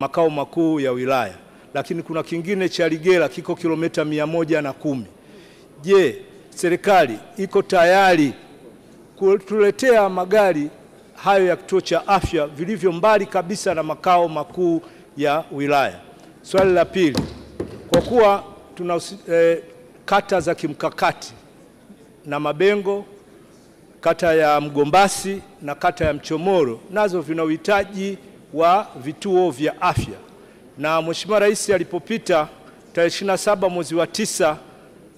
makao makuu ya wilaya, lakini kuna kingine cha Ligera kiko kilomita mia moja na kumi. Je, serikali iko tayari kutuletea magari hayo ya kituo cha afya vilivyo mbali kabisa na makao makuu ya wilaya? Swali la pili, kwa kuwa tuna eh, kata za kimkakati na Mabengo, kata ya Mgombasi na kata ya Mchomoro nazo vina uhitaji wa vituo vya afya, na Mheshimiwa Rais alipopita tarehe 27 mwezi wa tisa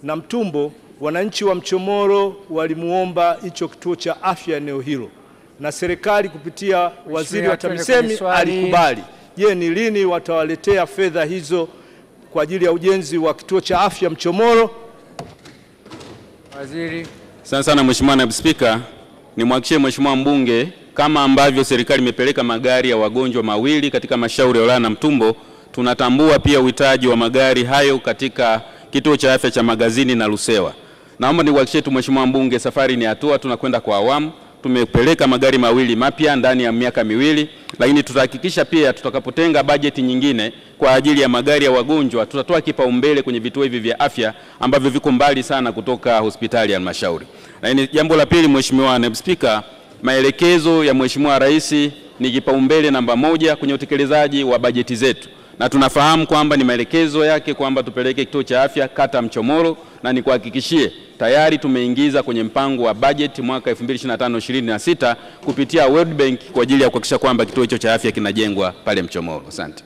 na Mtumbo, wananchi wa Mchomoro walimuomba hicho kituo cha afya eneo hilo, na serikali kupitia waziri wa TAMISEMI alikubali. Je, ni lini watawaletea fedha hizo kwa ajili ya ujenzi wa kituo cha afya Mchomoro? Waziri. Sana sana Mheshimiwa Naibu Spika, nimwakishie Mheshimiwa mbunge kama ambavyo serikali imepeleka magari ya wagonjwa mawili katika mashauri ya wilaya Namtumbo, tunatambua pia uhitaji wa magari hayo katika kituo cha afya cha Magazini na Lusewa. Naomba niuhakikishie tu Mheshimiwa Mbunge, safari ni hatua, tunakwenda kwa awamu. Tumepeleka magari mawili mapya ndani ya miaka miwili, lakini tutahakikisha pia tutakapotenga bajeti nyingine kwa ajili ya magari ya wagonjwa, tutatoa kipaumbele kwenye vituo hivi vya afya ambavyo viko mbali sana kutoka hospitali ya halmashauri. Lakini jambo la pili, Mheshimiwa Naibu Spika, maelekezo ya Mheshimiwa Rais ni kipaumbele namba moja kwenye utekelezaji wa bajeti zetu, na tunafahamu kwamba ni maelekezo yake kwamba tupeleke kituo cha afya kata Mchomoro, na nikuhakikishie tayari tumeingiza kwenye mpango wa bajeti mwaka 2025/26 kupitia World Bank kwa ajili ya kuhakikisha kwamba kituo hicho cha afya kinajengwa pale Mchomoro. Asante.